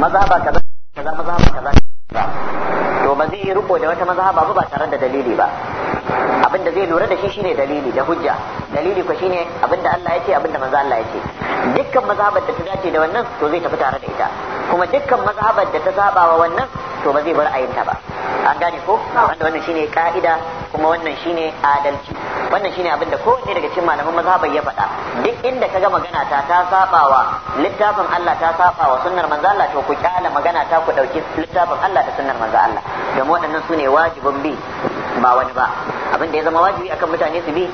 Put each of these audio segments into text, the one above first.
mazhaba kaza kaza mazhaba kaza to ba zai yi riko da wata mazhaba ba ba tare da dalili ba abin da zai lura da shi shine dalili da hujja dalili ko shine abin da Allah ya ce abin da manzo Allah ya ce dukkan mazhabar da ta dace da wannan to zai tafi tare da ita kuma dukkan mazhabar da ta saba wa wannan to ba zai bar ayinta ba an gane ko wanda wannan shine ka'ida kuma wannan shine adalci wannan shine abin da kowanne daga cikin malaman mazhabai ya faɗa duk inda ka ga magana ta ta sabawa littafin Allah ta sabawa sunnar manzo Allah to ku kyala magana ta ku dauki littafin Allah da sunnar manzo Allah domin waɗannan sune wajibin bi ba wani ba abinda ya zama wajibi akan mutane su bi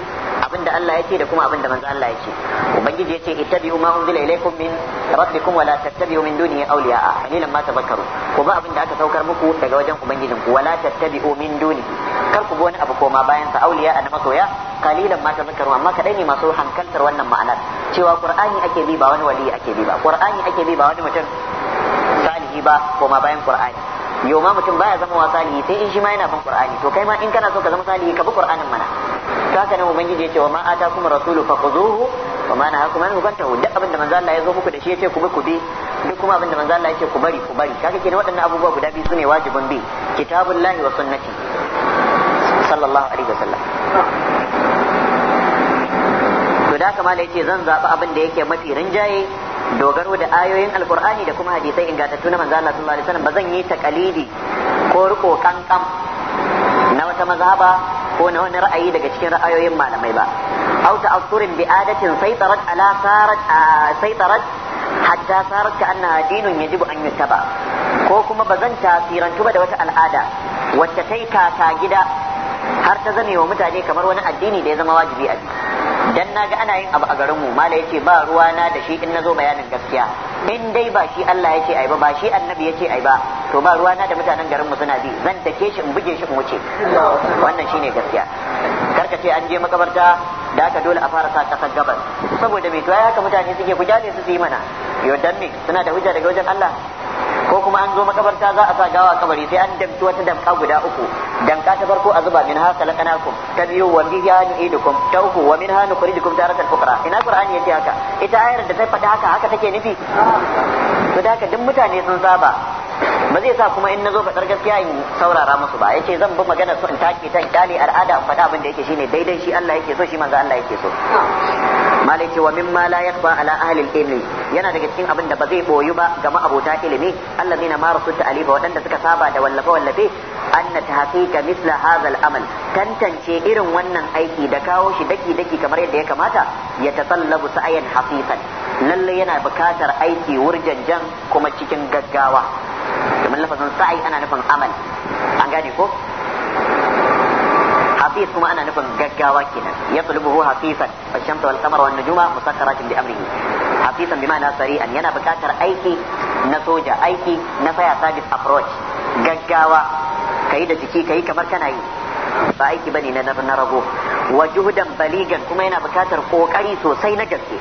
abin da Allah ya ce da kuma abin da manzo Allah ya ce ubangiji ya ce ittabi'u ma unzila ilaykum min rabbikum wala la tattabi'u min dunihi awliya'a qalilan ma tadhakkaru ku ba abin da aka saukar muku daga wajen ubangijin ku wa la tattabi'u min dunihi kar ku bi wani abu koma bayan sa awliya'a na masoya kalilan ma tadhakkaru amma kadai ne masu hankaltar wannan ma'anar cewa qur'ani ake bi ba wani wali ake bi ba qur'ani ake bi ba wani mutum salihi ba koma bayan qur'ani yau ma mutum baya zama wa salihi sai in shi ma yana bin qur'ani to kai ma in kana so ka zama salihi ka bi qur'anin mana to haka nan ubangiji yace wa ma kuma rasulu khuzuhu wa ma nahakum anhu fantahu duk abinda manzo Allah ya zo muku da shi yace ku bi ku bi duk kuma abinda manzo Allah yace ku bari ku bari kaga kenan waɗannan abubuwa guda biyu sune wajibin bi kitabullahi wa sunnati sallallahu alaihi wasallam to da kamala yace zan zaɓi abin da yake mafi rinjaye dogaro da ayoyin alkur'ani da kuma hadisai ingantattu na manzo Allah sallallahu alaihi wasallam ba zan yi takalidi ko riko kankam na wata mazhaba ko na wani ra'ayi daga cikin ra'ayoyin malamai ba aw ta'assurin bi adatin saytarat ala sarat saytarat hatta sarat ka annaha dinun yajibu an yutaba ko kuma bazan tasirantu ba da wata al'ada wacce ta kaka gida har ta zame wa mutane kamar wani addini da ya zama wajibi a dan naga ana yin abu a garin mu mala yace ba ruwa na da shi in nazo bayanin gaskiya in dai ba shi Allah yake ai ba ba shi annabi yake ai ba to ba ruwa na da mutanen garin mu suna bi zan take shi in buge shi in wuce wannan shine gaskiya karka ce an je makabarta da aka dole a fara sa ta gabas saboda me to ya haka mutane suke ku su su yi mana yo dan me suna da hujja daga wajen Allah ko kuma an zo makabarta za a sa gawa kabari sai an damki wata damka guda uku damka ta farko a zuba min haka lakanakum ta biyu wa biha idukum ta uku wa min hanu ta taratan fuqara ina qur'ani yace haka ita ayar da ta fada haka haka take nufi to da haka duk mutane sun saba ba zai sa kuma in nazo faɗar gaskiya in saurara musu ba yace zan bi magana su in take ta dali al'ada in fada abin da yake shine daidai shi Allah yake so shi manzo Allah yake so malai wa mimma la yakfa ala ahli al-ilmi yana daga cikin abin da ba zai boyu ba ga ma'abota ilimi allazina marasu ta'aliba waɗanda suka saba da wallafe wallafe anna tahqiqa misla hadha al-amal tantance irin wannan aiki da kawo shi daki daki kamar yadda ya kamata ya tasallabu sa'ayan haqiqan lalle yana bukatar aiki wurjanjan kuma cikin gaggawa domin lafazin sa'ai ana nufin amal an gane ko kuma ana nufin حفيظ كما أنا نفهم جاكا واكنا يطلبه حفيظا والشمس والقمر والنجوم bi بأمره hafisan bi ma'ana sari'an yana bukatar aiki na soja aiki na fire service approach gaggawa kai da jiki kai kamar kana yi ba aiki bane na na rago wa juhdan baligan kuma yana bukatar kokari sosai na gaske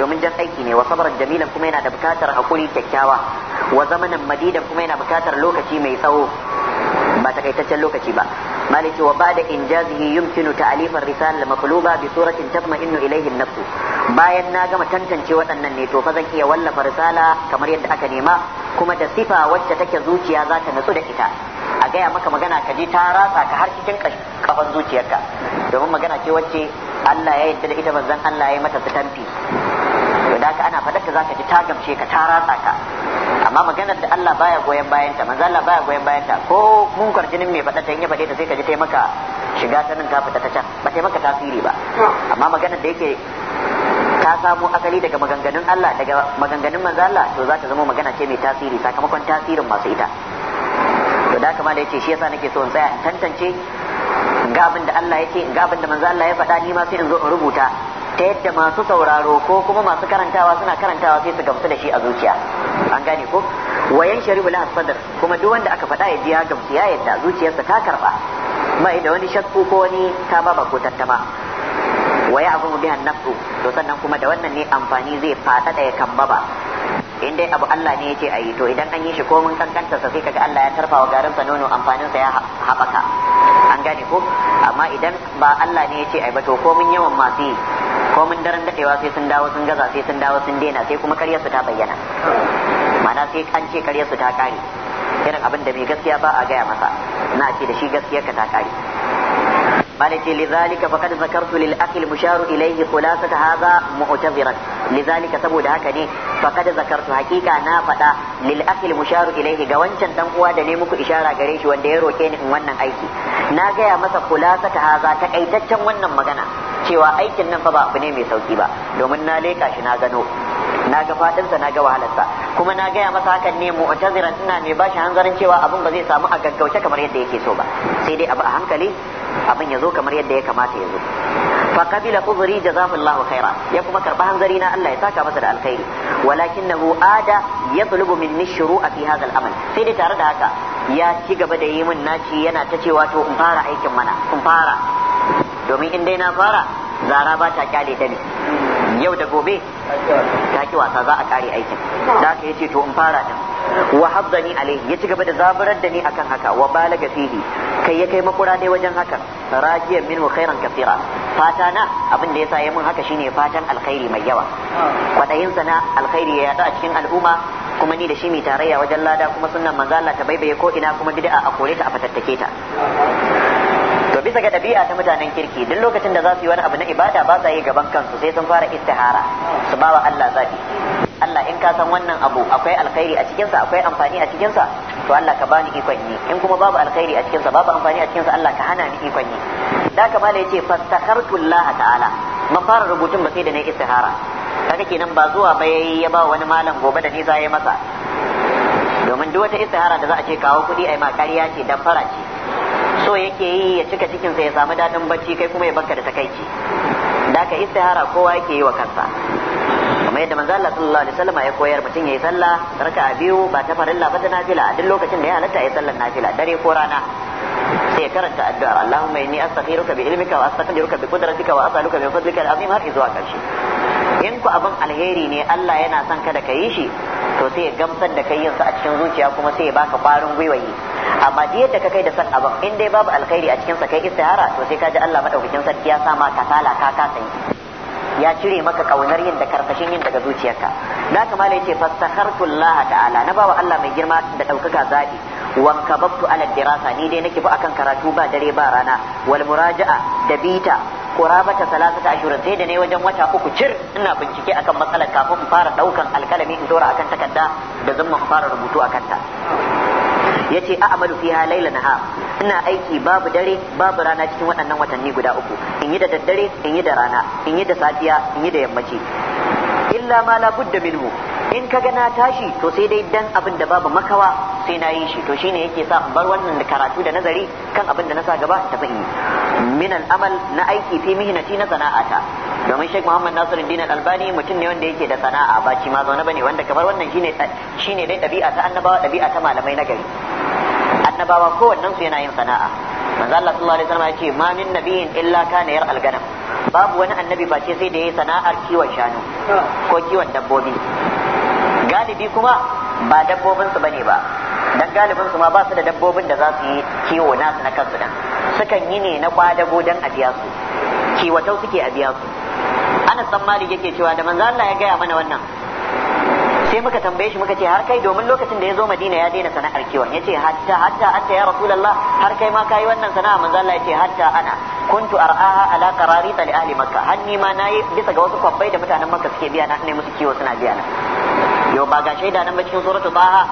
domin jan aiki ne wa sabran jamilan kuma yana da bukatar hakuri kyakkyawa wa zamanin madidan kuma yana bukatar lokaci mai tsawo ba takaitaccen lokaci ba malik wa ba'da injazihi yumkinu ta'alif risala al-maqluba bi suratin tatma'innu ilayhi an-nafs bayan na gama tantance waɗannan ne to fa zan iya wallafa risala kamar yadda aka nema kuma da sifa wacce take zuciya za ta natsu da ita a gaya maka magana ka ji ta ratsa ka har cikin kafan zuciyarka domin magana ce wacce Allah ya yarda da ita manzon Allah ya mata sitamfi da ka ana faɗar ta zaka ji ta gamshe ka ta ratsa ka amma maganar da Allah baya goyon bayan ta manzo Allah baya goyon bayan ta ko mun jinin mai faɗa ta in ya faɗe ta sai ka ji ta maka shiga ta nan ta fita ta can ba ta maka tasiri ba amma maganar da yake ta samo asali daga maganganun Allah daga maganganun manzo Allah to za ta zama magana ce mai tasiri sakamakon tasirin masu ita to da kamar da yace shi yasa nake so in tsaya in tantance ga abin da Allah yake ga abin da manzo Allah ya faɗa ni ma sai in zo in rubuta ta yadda masu sauraro ko kuma masu karantawa suna karantawa sai su gamsu da shi a zuciya an gane ko wayan shari'u la sadr kuma duk wanda aka faɗa ya ji ya gamsu ya yadda zuciyarsa ta karba mai da wani shakku ko wani ta baba ko tattama waya abu bihan nafsu to sannan kuma da wannan ne amfani zai fada da ya kambaba in dai abu Allah ne yake ayi to idan an yi shi ko mun kankanta sa sai kaga Allah ya tarfawa garin sa nono amfanin sa ya haɓaka an gane ko amma idan ba Allah ne yake ayi ba to ko mun yawan masu yi Komin daren dadewa sai sun dawo sun gaza sai sun dawo sun daina sai kuma karyar su ta bayyana ma'ana sai an ce karyar su ta kare irin abin da mai gaskiya ba a gaya masa na ce da shi gaskiyar ka ta kare malike lidhalika faqad zakartu lil akhi al musharu ilayhi khulasata hadha mu'tabiran lidhalika saboda haka ne faqad zakartu hakika na faɗa lil akhi musharu ilayhi ga wancan dan uwa da ne muku ishara gare shi wanda ya roke ni in wannan aiki na gaya masa khulasata hadha takaitaccen wannan magana cewa aikin nan fa ba abu ne mai sauki ba domin na leka shi na gano na ga fadinsa na ga wahalarsa kuma na gaya masa hakan ne mu'taziran ina mai bashi hanzarin cewa abun ba zai samu a gaggauce kamar yadda yake so ba sai dai abu a hankali abin ya zo kamar yadda ya kamata ya zo fa qabila zafin jazakallahu khaira ya kuma karba hanzari na Allah ya saka masa da alkhairi walakinahu ada yatlubu minni shuru'a fi hadha al-amal sai dai tare da haka ya ci gaba da yi min naci yana ta cewa to in fara aikin mana in fara domin in dai na fara zara ba ta kyale ta ne yau da gobe ta ki wasa za a kare aikin da haka yace to in fara din wa haddani alaihi ya ci gaba da zabarar da ni akan haka wa balaga fihi kai ya kai makura ne wajen haka min wa khairan kathira fata na abin da yasa ya haka shine fatan alkhairi mai yawa kwadayin sana alkhairi ya yada a cikin al'umma kuma ni da shi mai tarayya wajen lada kuma sunnan manzala Allah ta baibaye ko ina kuma bid'a a kore ta a fatattake ta bisa ga ɗabi'a ta mutanen kirki duk lokacin da za su yi wani abu na ibada ba sa yi gaban kansu sai sun fara istihara su bawa Allah zabi Allah in ka san wannan abu akwai alkhairi a cikinsa akwai amfani a cikinsa to Allah ka bani ikon yi in kuma babu alkhairi a cikinsa babu amfani a cikinsa Allah ka hana ni ikon yi da kamala yace fastakhartu ta'ala man fara rubutun ba sai da nayi istihara kaga kenan ba zuwa ba yayi ya ba wani malam gobe da ni za ya masa domin duk wata istihara da za a ce kawo kuɗi ai ma ƙarya ce dan fara ce so yake yi ya cika cikin sa ya samu dadin bacci kai kuma ya banka da takaici da ka istihara kowa yake yi wa kansa kamar yadda manzo Allah sallallahu alaihi wasallam ya koyar mutum yayi sallah raka'a biyu ba ta farilla ba ta nafila a duk lokacin da ya halatta yayi sallar nafila dare ko rana sai karanta addu'a Allahumma inni astaghfiruka bi ilmika wa astaghfiruka bi qudratika wa as'aluka bi fadlika al-azim har zuwa karshe in ku abin alheri ne Allah yana son kada ka yi shi to sai ya gamsar da kai yin sa a cikin zuciya kuma sai ya baka kwarin gwiwa yi amma da yadda ka kai da san abin in dai babu alkhairi a cikin sa kai istihara to sai ka ji Allah madaukakin sarki ya sama kasala ka kasa yi ya cire maka kaunar yin da karfashin yin daga zuciyarka da kamar yace fastakhartu Allah ta'ala na bawa Allah mai girma da daukaka zabi wa kababtu ala dirasa ni dai nake ba akan karatu ba dare ba rana wal muraja'a da bita qurabata salasata ashirin sai da ne wajen wata uku cir ina bincike akan matsalar kafin fara daukan alkalami in dora akan takarda da zan fara rubutu akan ta yace a'malu fiha laila nahar ina aiki babu dare babu rana cikin waɗannan watanni guda uku in yi da daddare in yi da rana in yi da safiya in yi da yammaci illa ma la budda minhu in kaga na tashi to sai dai dan abin da babu makawa sai na yi shi to shine yake sa bar wannan da karatu da nazari kan abin da na sa gaba ta fahimi min amal na aiki fi mihnati na sana'ata domin Sheikh Muhammad Nasirin dinar albani mutum ne wanda yake da sana'a ba ci ma zaune bane wanda kamar wannan shine shine dai dabi'a ta annabawa dabi'a ta malamai na gari annabawa wannan su yana yin sana'a manzo Allah sallallahu alaihi wasallam ya ce ma min nabiyyin illa kana yar al babu wani annabi face sai da yayi sana'ar kiwon shanu ko kiwon dabbobi galibi kuma ba dabbobin su bane ba dan galibin su ma ba su da dabbobin da za su yi kiwo nasu na kansu dan sukan yi ne na kwadago dan a su kiwatau suke a biya su ana tsammali yake cewa da manzo Allah ya gaya mana wannan sai muka tambaye shi muka ce har kai domin lokacin da ya zo madina ya daina sana'ar kiwon ya ce hatta hatta hatta ya rasulallah har kai ma kayi wannan sana'a manzo Allah ya ce hatta ana kuntu ar'aha ala qararita li ahli makka hanni ma nayi bisa ga wasu kwabbai da mutanen makka suke biya na ne musu kiwo suna biya na yau ba ga shaida nan ba cikin suratu baha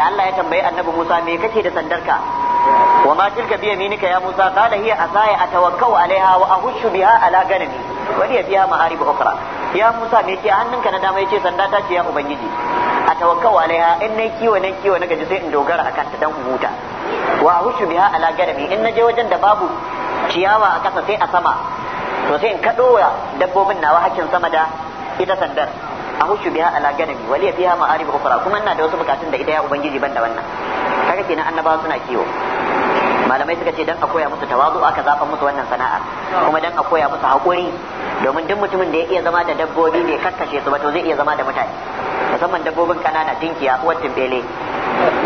da Allah ya tambayi annabi Musa me kake da sandarka wa ma tilka bi yaminika ya Musa qala a asaya atawakkau alaiha wa ahushu biha ala ganami wa liya ma ma'arib ukhra ya Musa me yake hannunka na dama yace sanda ta ce ya ubangiji a tawakkau alaiha in nayi kiwo nan kiwo na gaji sai in dogara akan ta dan huta wa hushu biha ala garami in naje wajen da babu ciyawa a kasa sai a sama to sai in kado dabbobin nawa hakkin sama da ita sandar a hushu biha ala garami waliya fiha ma'arib ukhra kuma ina da wasu bukatun da ita ya ubangiji banda wannan kaga kenan annabawa suna kiwo malamai suka ce dan a koya musu tawazu aka zafa musu wannan sana'ar kuma dan a koya musu haƙuri domin duk mutumin da ya iya zama da dabbobi bai kakkashe su ba to zai iya zama da mutane musamman dabbobin kanana tinkiya uwar timbele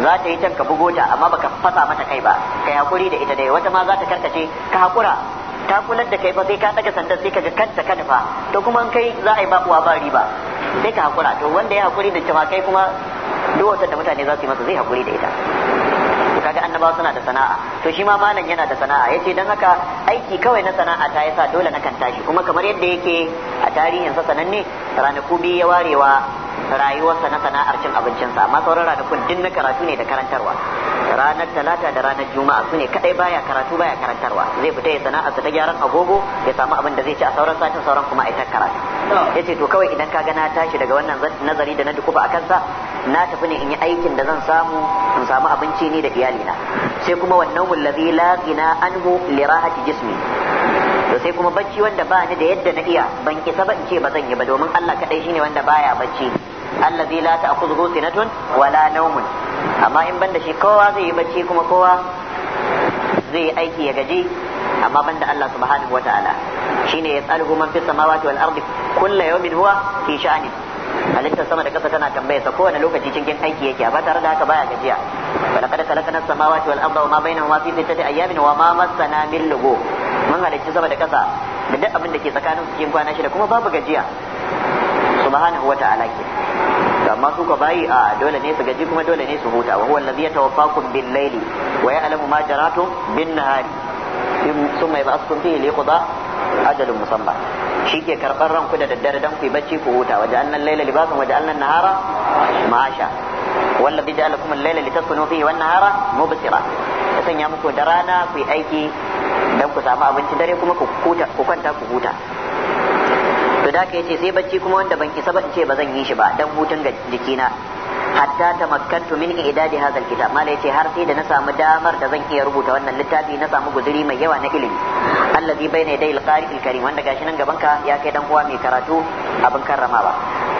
za ta yi can ka bugo ta amma baka fasa mata kai ba kai hakuri da ita dai wata ma za ta karkace ka hakura ta kular da kai ba sai ka daga sandan sai ka ga kanta ka nufa to kuma kai za a yi babuwa ba riba sai ka hakura to wanda ya hakuri da cewa kai kuma duk wata da mutane za su yi masa zai hakuri da ita kaga annabawa suna da sana'a to shi ma malam yana da sana'a yace dan haka aiki kawai na sana'a ta yasa dole na kan tashi kuma kamar yadda yake a tarihin sa sananne ranaku biyu ya warewa rayuwarsa na sana'ar cin abincinsa amma sauran ranakun din na karatu ne da karantarwa ranar talata da ranar juma'a su ne kadai baya karatu baya karantarwa zai fita ya sana'arsa ta gyaran agogo ya samu abin da zai ci a sauran satin sauran kuma a karatu ya ce to kawai idan ka ga na tashi daga wannan nazari da na dukufa a kansa na tafi ne in yi aikin da zan samu in samu abinci ni da iyalina sai kuma wannan wallazi la gina anhu li rahati jismi to sai kuma bacci wanda ba ni da yadda na iya ban kisa ba in ce ba zan yi ba domin Allah kadai shine wanda baya bacci allazi la ta'khudhuhu sinatun wala nawmun amma in banda shi kowa zai yi bacci kuma kowa zai yi aiki ya gaji amma banda Allah subhanahu wata'ala shine yas'aluhu man fis samawati wal ardi kullu yawmin huwa fi sha'anin halittar sama da ƙasa tana tambaya sa kowane lokaci cikin aiki yake ba tare da haka baya gajiya walaqad khalaqna as-samawati wal arda wama bainahuma fi sittati ayyamin wama massana min lugu mun halicci sama da ƙasa da duk abin da ke tsakanin su cikin kwana shida kuma babu gajiya subhanahu wa ta'ala ke amma su ka bayi a dole ne su gaji kuma dole ne su huta wa huwa allazi yatawaffakum bil layli wa ya'lamu ma jaratum bin nahari thumma yab'athukum fihi liqda ajalun musamma shi ke karɓar ranku da daddare dan ku yi bacci ku huta waje annan laila libasan waje annan nahara ma'asha wallazi ja'ala lakum al-laila litaskunu fihi wan nahara mubsira ya sanya muku da rana ku yi aiki dan ku samu abinci dare kuma ku kwanta ku huta to da ka yace sai bacci kuma wanda ban isa ba in ce ba zan yi shi ba dan hutun ga jikina hatta tamakkantu min idadi hazal kitab mala yace har sai da na samu damar da zan iya rubuta wannan littafi na samu guzuri mai yawa na ilimi allazi baina yadayil qari'il karim wanda gashi nan gaban ka ya kai dan uwa mai karatu abin karramawa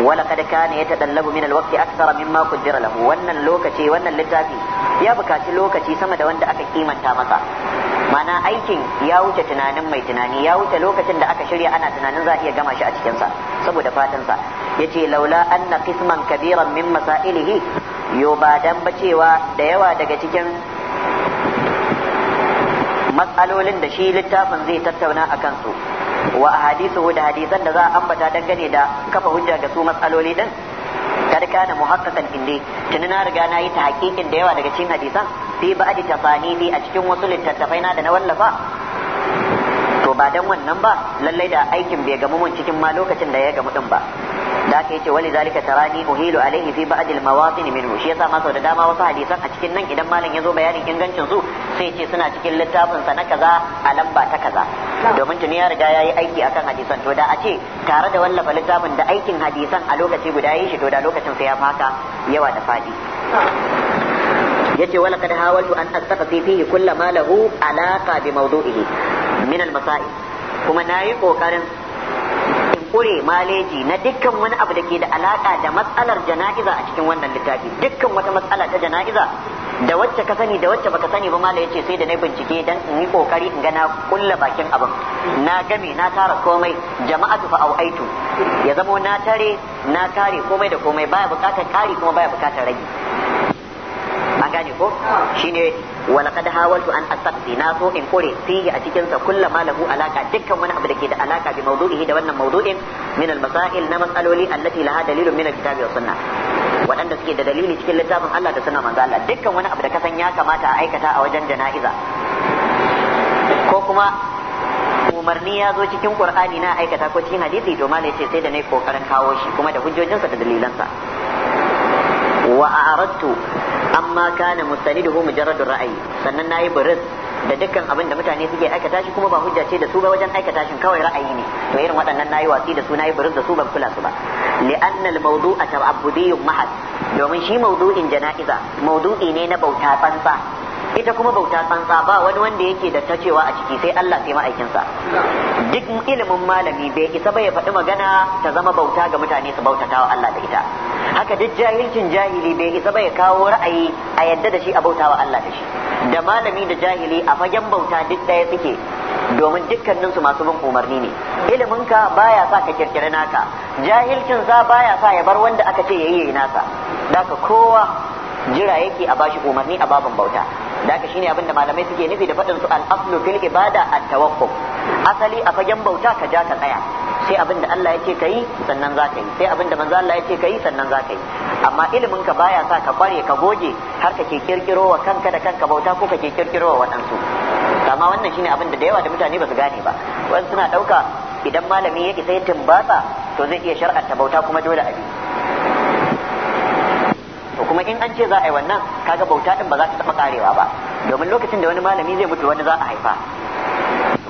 wala kad kana yatadallabu min alwaqti akthara mimma qaddara lahu wannan lokaci wannan littafi ya bukaci lokaci sama da wanda aka kimanta masa mana aikin ya wuce tunanin mai tunani ya wuce lokacin da aka shirya ana tunanin za a iya gama shi a cikinsa saboda fatansa ya ce laula anna qisman kabiran min masailihi yo ba dan ba cewa da yawa daga cikin matsalolin da shi littafin zai tattauna a kansu wa ahadithu da hadisan da za a ambata dangane da kafa hujja ga su matsaloli din kada kana muhaqqaqan indi tunana riga na yi ta hakikin da yawa daga cikin hadisan fi ba'di tasanifi a cikin wasu littattafai na da na wallafa to ba dan wannan ba lallai da aikin bai gamu mun cikin ma lokacin da ya gamu din ba da aka ce wani zalika tarani uhilu alaihi fi ba'd al-mawatin minhu shi yasa ma sau da dama wasu hadisan a cikin nan idan malam zo bayanin ingancin su sai ce suna cikin littafin sa na kaza a lamba ta kaza domin tuni ya riga yi aiki akan hadisan to da a ce tare da wallafa littafin da aikin hadisan a lokaci guda ya yi shi to da lokacin sa ya faka yawa da fadi yace wala kad hawaltu an astafa fi fihi kulla ma lahu alaqa bi mawdu'ihi min al masail kuma nayi kokarin in kure maleji na dukkan wani abu da ke da alaka da matsalar jana'iza a cikin wannan littafi dukkan wata matsala ta jana'iza da wacce ka sani da wacce baka sani ba mala yace sai da na bincike dan in yi kokari in ga na kulla bakin abin na game na tara komai jama'atu fa au aitu ya zamo na tare na kare komai da komai baya bukatar kari kuma baya bukatar rage an gane ko shine wa laqad hawaltu an astaqdi na so in kore fihi a cikin sa kullama lahu alaka dukkan wani abu da ke da alaka bi mawdu'ihi da wannan mawdu'in min al-masail na mas'aloli allati laha dalilun min al-kitabi wa sunnah waɗanda suke da dalili cikin littafin Allah da sunnar manzo Allah dukkan wani abu da kasan ya kamata a aikata a wajen jana'iza ko kuma umarni ya zo cikin qur'ani na aikata ko cikin hadisi to malai ce sai da nayi kokarin kawo shi kuma da hujjojinsa da dalilansa wa aradtu amma kana mustaniduhu mujarradur ra'ayi sannan nayi buris da dukkan abin da mutane suke aikata shi kuma ba hujja ce da su ba wajen aikata shi kawai ra'ayi ne to irin waɗannan nayi watsi da su nayi buris da su ban kula su ba li'anna al-mawdu'a ta'abbudiyyun mahad domin shi mawdu'in jana'iza mawdu'i ne na bauta fansa. ita kuma bauta tsantsa ba wani wanda yake da ta cewa a ciki sai Allah sai ma'aikinsa duk ilimin malami bai isa ba faɗi magana ta zama bauta ga mutane su bautata wa Allah da ita haka duk jahilcin jahili bai isa ba ya kawo ra'ayi a yadda da shi a bauta wa Allah da shi da malami da jahili a fagen bauta duk ɗaya suke domin dukkanin su masu bin umarni ne ilimin ka baya sa ka kirkiri naka jahilcin sa baya sa ya bar wanda aka ce yayi nasa da kowa jira yake a bashi umarni a babin bauta da ka shine abinda malamai suke nufi da faɗin su al-aslu fil ibada at-tawakkuf asali a fagen bauta ka ja ka tsaya sai abinda Allah ya kai sannan za ka yi sai abinda manzo Allah ya kai sannan za ka yi amma ilimin ka baya sa ka kware ka goge har ka ke kirkiro wa kanka da kanka bauta ko ka ke kirkiro wa waɗansu amma wannan shine abin da da yawa da mutane ba su gane ba wasu suna ɗauka idan malami ya isa ya tambasa to zai iya shar'anta bauta kuma dole a bi to kuma in an ce za a yi wannan kaga bauta din ba za ta taba karewa ba domin lokacin da wani malami zai mutu wani za a haifa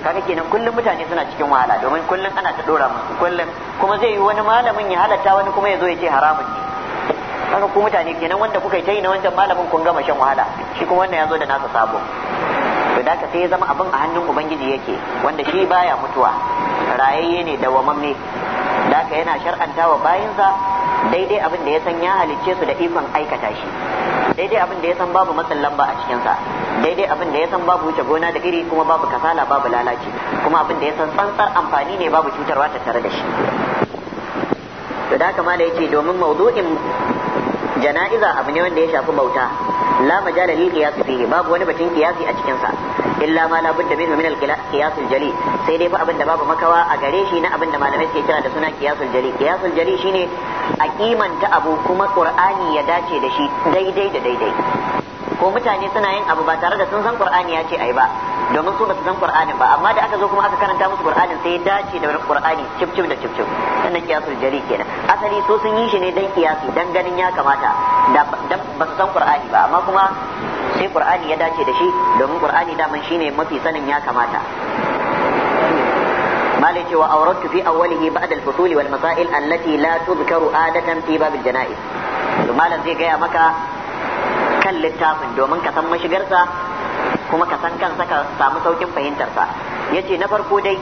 kaga kenan kullum mutane suna cikin wahala domin kullum ana ta dora musu kullum kuma zai yi wani malamin ya halatta wani kuma ya zo ya ce haramun ne kaga ku mutane kenan wanda kuka yi ta yi na wancan malamin kun gama shan wahala shi kuma wannan ya zo da nasa sabo to da sai ya zama abin a hannun ubangiji yake wanda shi baya mutuwa rayayye ne dawamamme da haka yana shar'anta wa bayinsa daidai abin da ya san ya halicce su da ikon aikata shi daidai abin da ya san babu matsin lamba a cikinsa daidai abin da ya san babu wuce gona da iri kuma babu kasala babu lalaci kuma abin da ya san tsantsar amfani ne babu cutarwa tattare da shi da haka da yake domin maudu'in jana'iza abu ne wanda ya shafi bauta la majala lil qiyas fihi babu wani batun qiyasi a cikin sa illa ma la budda minhu min al qiyas al jali sai dai fa abin da babu makawa a gare shi na abin da malamai suke kira da suna al jali al jali shine a kimanta abu kuma qur'ani ya dace da shi daidai da daidai ko mutane suna yin abu ba tare da sun san qur'ani ya ce ai ba domin su ba su san qur'anin ba amma da aka zo kuma aka karanta musu qur'anin sai ya dace da qur'ani cip cip da cip cip sannan kiyasul jari kenan asali so sun yi shi ne dan kiyasi dan ganin ya kamata dan ba su san qur'ani ba amma kuma sai qur'ani ya dace da shi domin qur'ani da man shine mafi sanin ya kamata malai cewa auratu fi awwalihi ba'da al-fusuli wal masail allati la tudhkaru adatan fi bab al-janaiz to malam zai gaya maka kan littafin domin ka san mashigarsa kuma ka san kansa ka samu saukin fahimtarsa ya ce na farko dai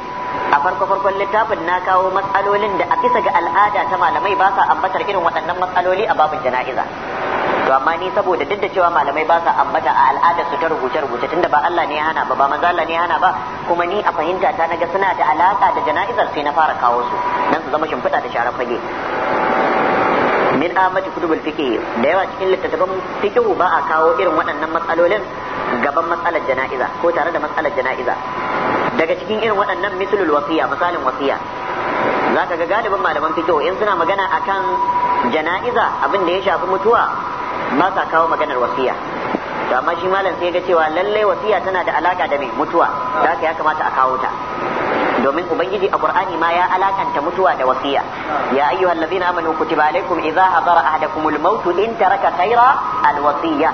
a farko farkon littafin na kawo matsalolin da a bisa ga al'ada ta malamai ba sa ambatar irin waɗannan matsaloli a babin jana'iza to amma ni saboda duk da cewa malamai ba sa ambata a al'adar su ta rubuce rubuce tunda ba Allah ne ya hana ba ba manzo Allah ne ya hana ba kuma ni a fahimta ta naga suna da alaka da jana'izar sai na fara kawo su nan su zama shimfiɗa da sharar fage min amati kutubul fiqi da yawa cikin littattafan fiqi ba a kawo irin waɗannan matsalolin gaban matsalar jana'iza ko tare da matsalar jana'iza daga cikin irin waɗannan mislul wasiya misalin wasiya zaka ga galibin malaman fiqi in suna magana akan jana'iza abin da ya shafi mutuwa ba sa kawo maganar wasiya to amma shi malam sai ga cewa lallai wasiya tana da alaka da mai mutuwa haka ya kamata a kawo ta domin ubangiji a qur'ani ma ya alakanta mutuwa da wasiya ya ayyuhal ladina amanu kutiba alaikum idza hadara ahadakumul maut in taraka khaira alwasiya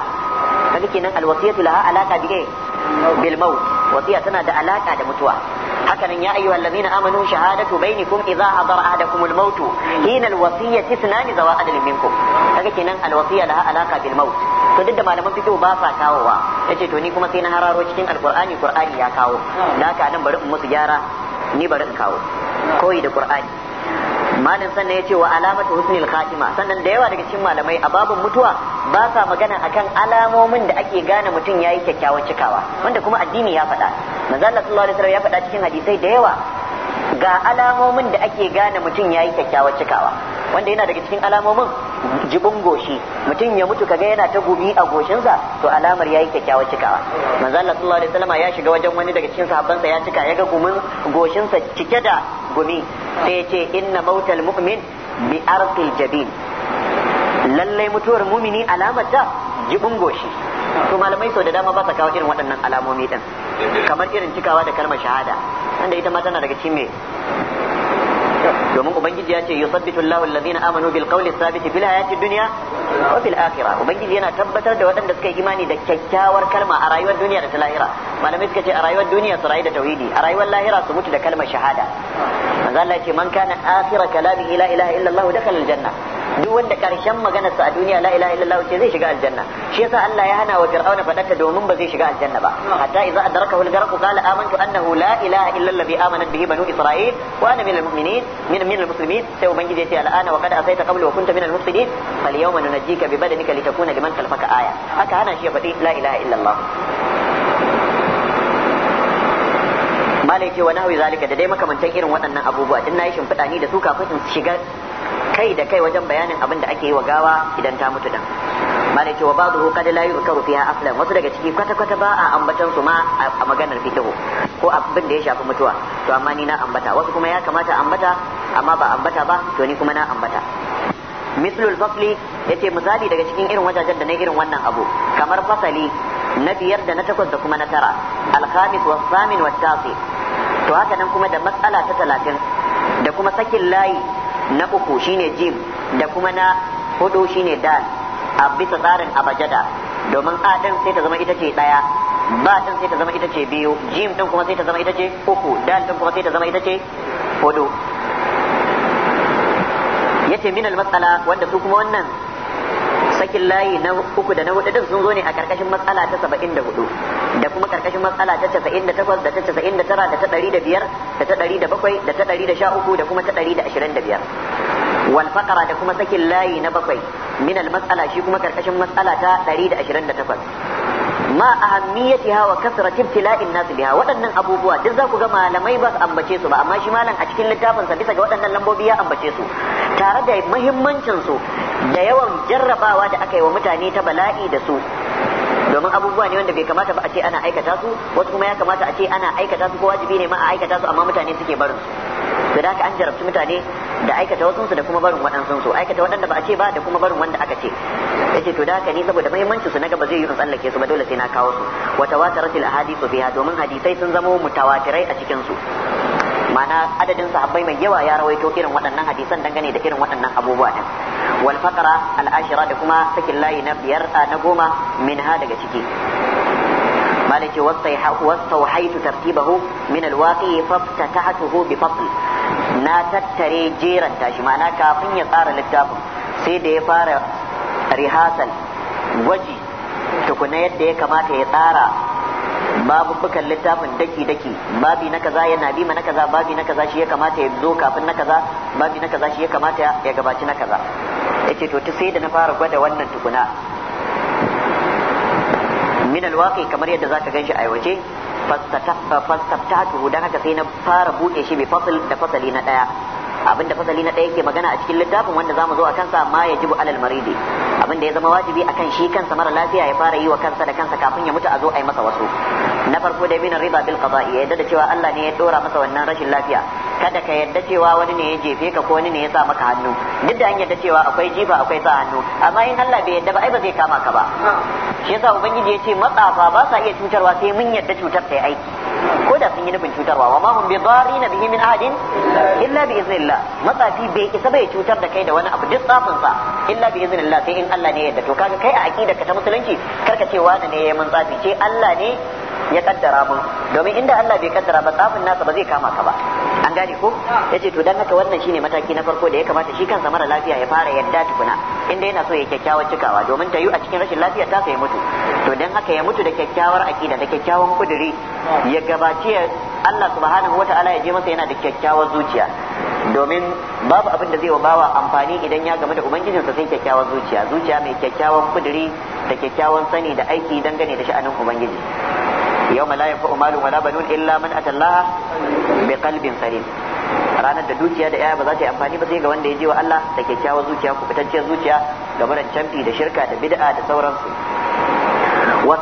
kaga kenan alwasiyatu laha alaka bi bil maut wasiya tana da alaka da mutuwa hakanan ya ayyuhal ladina amanu shahadatu bainakum idza hadara ahadakumul maut hina alwasiya tisnani zawa adalin minkum kaga kenan alwasiya laha alaka bil maut to duk da malaman fiqh ba sa kawowa yace to ni kuma sai na hararo cikin alqur'ani qur'ani ya kawo da haka nan bari in musu gyara ni bari in kawo koyi da qur'ani malin sannan yace wa alamatu husnil khatima sannan da yawa daga cikin malamai a babun mutuwa ba sa magana akan alamomin da ake gane mutum yayi kyakkyawan cikawa wanda kuma addini ya faɗa manzo Allah sallallahu alaihi wasallam ya faɗa cikin hadisai da yawa ga alamomin da ake gane mutum yayi kyakkyawan cikawa wanda yana daga cikin alamomin jibin goshi mutum ya mutu kaga yana ta gumi a goshinsa to alamar yayi kyakkyawar cikawa manzo Allah sallallahu alaihi ya shiga wajen wani daga cikin sahabbansa ya cika ya ga gumin goshinsa cike da gumi sai ya ce inna mautal mu'min bi arqil jabin lallai mutuwar mumini alamar ta jibin goshi to malamai sau da dama ba sa kawo irin waɗannan alamomi din kamar irin cikawa da kalmar shahada wanda ita ma tana daga cikin domin ubangiji ya ce yusabbitu Allahu alladhina amanu bil qawli thabiti fil duniya dunya wa fil akhirah ubangiji yana tabbatar da waɗanda suka yi imani da kyakkyawar kalma a rayuwar duniya da ta lahira malamai suka ce a rayuwar duniya su rayu da tauhidi a rayuwar lahira su mutu da kalmar shahada manzo Allah ya ce man kana akhira kalamihi la ilaha illa Allah dakhala al janna duk wanda karshen maganarsa a duniya la ilaha illallah ce zai shiga aljanna shi yasa Allah ya hana wa fir'auna fadarta domin ba zai shiga aljanna ba hatta idza adrakahu al-gharq qala amantu annahu la ilaha illallah bi amanat bihi banu isra'il wa ana minal mu'minin min minal muslimin sai ubangiji ya ce al'ana wa qad asaita qablu wa kunta minal mufsidin fal yawma nunajjika bi badanika litakuna liman khalfaka aya haka hana shi ya faɗi la ilaha illallah malai ce wa nahwi zalika da dai makamantan irin waɗannan abubuwa din nayi shimfiɗa ni da su kafin in shiga kai da kai wajen bayanin abin da ake yi wa gawa idan ta mutu dan malai cewa ba zuhu kada la karu fiha aflan wasu daga ciki kwata kwata ba a ambatan su ma a maganar fitihu ko abin da ya shafi mutuwa to amma ni na ambata wasu kuma ya kamata ambata amma ba ambata ba to ni kuma na ambata mislul fasli yace misali daga cikin irin wajajen da na irin wannan abu kamar fasali na biyar da na takwas da kuma na tara al-khamis wa samin wa tasi to haka nan kuma da matsala ta talatin da kuma sakin layi na uku shine jim da kuma na hudu shine dal a bisa tsarin abajada domin a sai ta zama ita ce daya ba din sai ta zama ita ce biyu jim din kuma sai ta zama ita ce uku dal din kuma sai ta zama ita ce hudu yace min al matsala wanda su kuma wannan sakin layi na uku da na hudu din sun zo ne a karkashin matsala ta 74 da kuma karkashin matsala ta 98 da takwas da ta 99 da tara da ta ɗari da biyar da ta ɗari da bakwai da ta ɗari da sha uku da kuma ta 125 wal faqara da kuma sakin layi na bakwai min al mas'ala shi kuma karkashin matsala ta 128 ma ahammiyatiha wa kasrat ibtila'in nas biha waɗannan abubuwa duk za ku ga malamai ba su ambace su ba amma shi malam a cikin littafin sa bisa ga waɗannan lambobi ya ambace su tare da muhimmancin su da yawan jarrabawa da aka yi wa mutane ta bala'i da su domin abubuwa ne wanda bai kamata ba a ce ana aikata su wasu kuma ya kamata a ce ana aikata su ko wajibi ne ma a aikata su amma mutane suke barin su da haka an jarabci mutane da aikata wasu su da kuma barin waɗansu su aikata waɗanda ba a ce ba da kuma barin wanda aka ce yace to da haka ni saboda muhimmancin su naga ba zai yi in tsallake su ba dole sai na kawo su wa tawataratil ahadithu biha domin hadisai sun zama mutawatirai a cikin su ma'ana adadin sahabbai mai yawa ya rawaito irin waɗannan hadisan dangane da irin waɗannan abubuwa din wal al'ashira al ashira da kuma sakin layi na biyar a na goma min ha daga ciki malaki haitu tartibahu min al waqi faftatahtuhu bi fadl na tattare jeran tashi ma'ana kafin ya tsara littafin sai da ya fara rihasal gwaji tukuna yadda ya kamata ya tsara babu bukan littafin daki daki babi na kaza yana bi na kaza babi na kaza shi ya kamata ya zo kafin na kaza babi na kaza shi ya kamata ya gabaci na kaza yace to sai da na fara gwada wannan tukuna min alwaqi kamar yadda zaka ganshi a yawace fastaftatuhu dan haka sai na fara buɗe shi bi fasl da fasali na daya abinda fasali na daya yake magana a cikin littafin wanda zamu zo a kansa ma yajibu alal maridi abin da ya zama wajibi akan shi kansa mara lafiya ya fara yi wa kansa da kansa kafin ya mutu a zo a yi masa wasu na farko da minar riba bil qada'i ya yadda da cewa Allah ne ya dora masa wannan rashin lafiya kada ka yadda cewa wani ne ya jefe ka ko wani ne ya sa maka hannu duk da an yadda cewa akwai jifa akwai sa hannu amma in Allah bai yadda ba ai ba zai kama ka ba shi yasa ubangiji ya ce matsafa ba sa iya cutarwa sai mun yadda cutar ta aiki ko da sun yi nufin cutarwa wa ma hum bi darina bihi min ahadin illa bi iznillah matsafi bai isa bai cutar da kai da wani abu duk tsafin sa illa bi iznillah sai in Allah ne ya yarda to kaga kai a aqida ka ta musulunci karka ce wani ne ya mun tsafi ce Allah ne ya kaddara mun domin inda Allah bai kaddara ba tsafin nasa ba zai kama ka ba an gane ko yace to dan haka wannan shine mataki na farko da ya kamata shi kansa mara lafiya ya fara yadda tukuna inda yana so ya kyakkyawar cikawa domin ta yi a cikin rashin lafiya ta ya mutu to dan haka ya mutu da kyakkyawar akida da kyakkyawan kuduri ya gabaci Allah subhanahu wataala ya je masa yana da kyakkyawar zuciya domin babu abin da zai wa bawa amfani idan ya game da ubangijin sa sai kyakkyawar zuciya zuciya mai kyakkyawan kuduri da kyakkyawan sani da aiki dangane da sha'anin ubangiji لا ينفع مال ولا بنون الا illa man الله بقلب سليم ranar da dukiya da yaya ba za ta yi amfani ba sai ga wanda ya je wa Allah da kyakkyawar zuciya ku fitacce zuciya ga barin canfi da shirka da bid'a da sauransu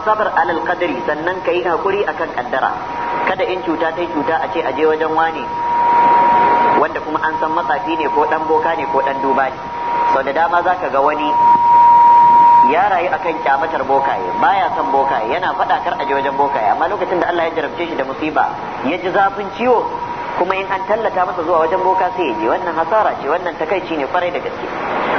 sabr alal qadari sannan kai hakuri akan kaddara kada in cuta tai cuta a ce a je wajen wani wanda kuma an san matsafi ne ko dan boka ne ko dan duba ne sau da dama zaka ga wani ya rayu akan kyamatar bokaye baya son bokaye yana faɗakar kar a wajen bokaye amma lokacin da Allah ya jarabce shi da musiba ya ji zafin ciwo kuma in an tallata masa zuwa wajen boka sai ya je wannan hasara ce wannan takaici ne kwarai da gaske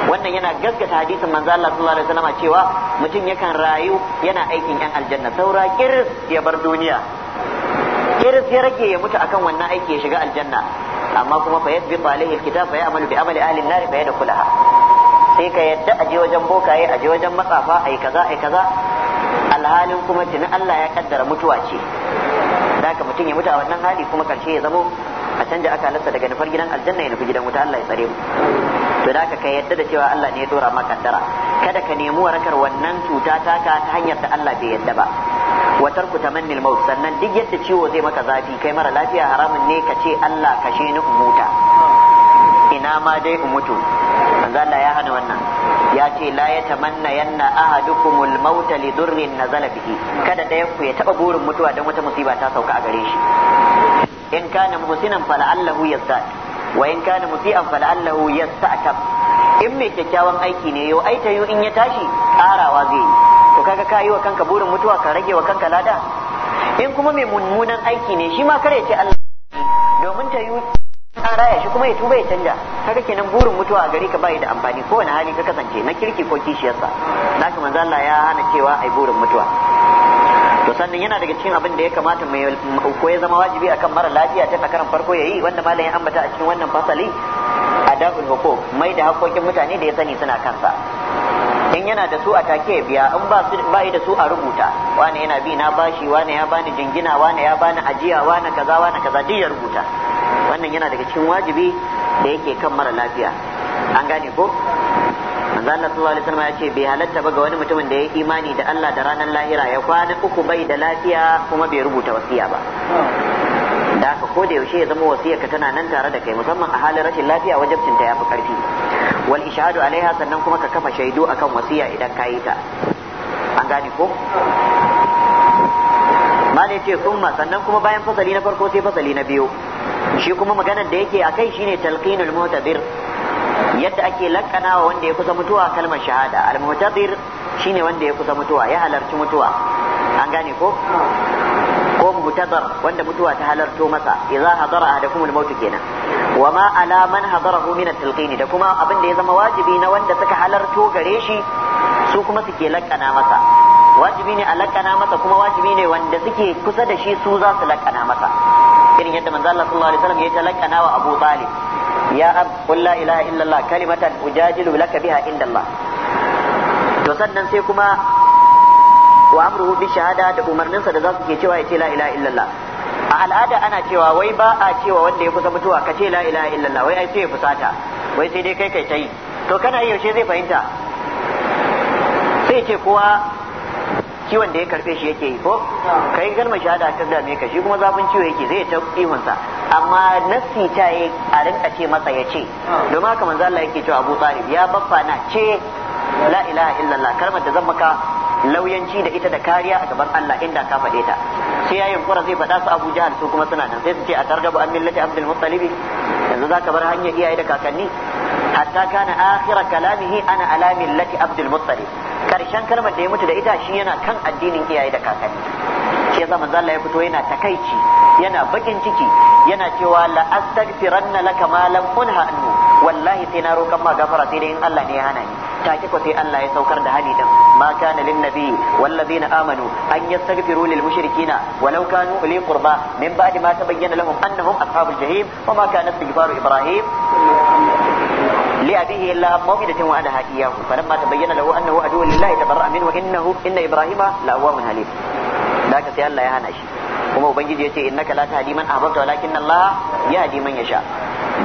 wannan yana gaskata hadisin manzo Allah sallallahu alaihi wasallam cewa mutum yakan rayu yana aikin yan aljanna saura kiris ya bar duniya kiris ya rage ya mutu akan wannan aiki ya shiga aljanna amma kuma fa yasbiqu alaihi alkitab fa ya'malu bi amali ahli an-nar fa yadkhulaha sai ka yadda aje wajen bokaye aje wajen matsafa ai kaza ai kaza alhalin kuma tuni Allah ya kaddara mutuwa ce da ka mutum ya mutu a wannan hali kuma karshe ya zamo a canja akalarsa daga nufar gidan aljanna ya nufi gidan wuta Allah ya tsare mu to da ka yadda da cewa Allah ne ya dora maka kaddara kada ka nemi warakar wannan cuta ta ka ta hanyar da Allah bai yadda ba wa tarku tamannil maut sannan duk yadda ciwo zai maka zafi kai mara lafiya haramun ne ka ce Allah kashe ni in ina ma dai in mutu Allah ya hana wannan ya ce la ya tamanna yanna al maut li durrin nazala bihi kada da ku ya taba burin mutuwa dan wata musiba ta sauka a gare shi in kana muhsinan la'allahu yazdad wa in kana musi'an la'allahu yasta'tab in mai kyakkyawan aiki ne yau ai tayu in ya tashi karawa zai yi to kaga ka yi wa kanka burin mutuwa ka rage wa kanka lada in kuma mai mummunan aiki ne shi ma kare ce Allah domin ta yi an raya shi kuma ya tuba ya canja kaga nan burin mutuwa a gari ka bai da amfani ko wani hali ka kasance na kirki ko kishiyarsa na kuma zalla ya hana cewa a burin mutuwa to sannan yana daga cikin abin da ya kamata mai ko ya zama wajibi akan mara lafiya ta takaran farko yayi wanda malam ya ambata a cikin wannan fasali adabul huquq mai da hakokin mutane da ya sani suna kansa in yana da su a take biya in ba su ba da su a rubuta wani yana bi na bashi wane ya bani jingina wane ya bani ajiya wane kaza wane kaza duk ya rubuta wannan yana daga cikin wajibi da yake kan mara lafiya an gane ko manzo Allah sallallahu alaihi wasallam ya ce bai halatta ba ga wani mutumin da ya imani da Allah da ranar lahira ya kwana uku bai da lafiya kuma bai rubuta wasiya ba da haka ko da yaushe ya zama ka tana nan tare da kai musamman a halin rashin lafiya wajibcin ta yafi karfi wal ishadu alaiha sannan kuma ka kafa shaidu akan wasiya idan ka yi ta an gane ko malai ce sun sannan kuma bayan fasali na farko sai fasali na biyu shi kuma maganar da yake akai shine talqinul mu'tadir yadda ake lakana wa wanda ya kusa mutuwa kalmar shahada al-mu'tadir shine wanda ya kusa mutuwa ya halarci mutuwa an gane ko ko mu'tadar wanda mutuwa ta halarto masa idza hadara ahadakumul maut kenan wa ma ala man hadarahu min at da kuma abin da ya zama wajibi na wanda suka halarto gare shi su kuma suke lakana masa wajibi ne a lakana masa kuma wajibi ne wanda suke kusa da shi su zasu su masa irin yadda manzo Allah sallallahu alaihi wasallam ya talakana wa Abu Talib ya ab qul la ilaha illallah kalimatan ujadilu laka biha inda Allah to sannan sai kuma wa amruhu bi shahada da umarninsa da za su ke cewa ya ce la ilaha illallah a al'ada ana cewa wai ba a cewa wanda ya kusa mutuwa ka ce la ilaha illallah wai ai sai ya fusata wai sai dai kai kai tai to kana yaushe zai fahimta sai ce kuwa. ciwon da ya karfe shi yake yi ko kai kalmar shahada ta dame ka shi kuma zafin ciwo yake zai ta ihunsa amma nassi ta yi a rinka ce masa ya ce domin haka manzo Allah yake cewa Abu Talib ya baffa na ce la ilaha illallah kalmar da zan maka lauyanci da ita da kariya a gaban Allah inda ka faɗe ta sai yayin kura zai faɗa su Abu Jahal su kuma suna nan sai su ce a targabu an millati Abdul Muttalib yanzu zaka bar hanyar iyaye da kakanni hatta kana akhira kalamihi ana ala millati Abdul Muttalib karshen kalmar da ya mutu da ita shi yana kan addinin iyaye da kakanni shi ya zama Allah ya fito yana takaici yana bakin ciki yana cewa la astaghfiranna laka ma lam unha anhu wallahi sai na roƙan ma gafara sai dai in Allah ne ya hana ni take ko sai Allah ya saukar da hali din ma kana lin nabi wal ladina amanu an yastaghfiru lil mushrikina walau kanu uli qurba min ba'di ma tabayyana lahum annahum ashabul jahim wa ma kana istighfaru ibrahim لأبيه إلا موئدة وأنا هادياه فلما تبين له أنه عدو لله تبرأ منه إنه إن إبراهيم لأواه حليم ذاك سي الله يهانا شي kuma ubangiji ya yace innaka la tahdi man ahbabta walakin Allah yahdi man yasha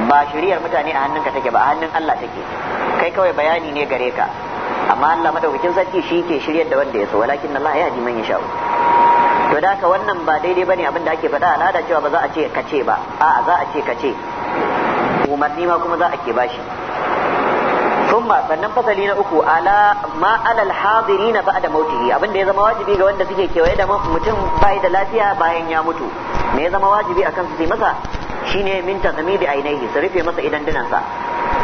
ba shiriyar mutane a hannunka take ba a hannun Allah take kai kawai bayani ne gare ka amma Allah madaukakin sarki shi ke shiryar da wanda ya so walakin Allah yahdi man yasha to da ka wannan ba daidai bane abin da ake faɗa al'ada cewa ba za a ce kace ba a'a za a ce kace umarni ma kuma za a ke bashi thumma sannan fasali na uku ala ma alal hadirin ba'da mautihi abin da ya zama wajibi ga wanda suke kewaye da mutum bai da lafiya bayan ya mutu me ya zama wajibi akan su masa shine min bi ainihi su rufe masa idan dinansa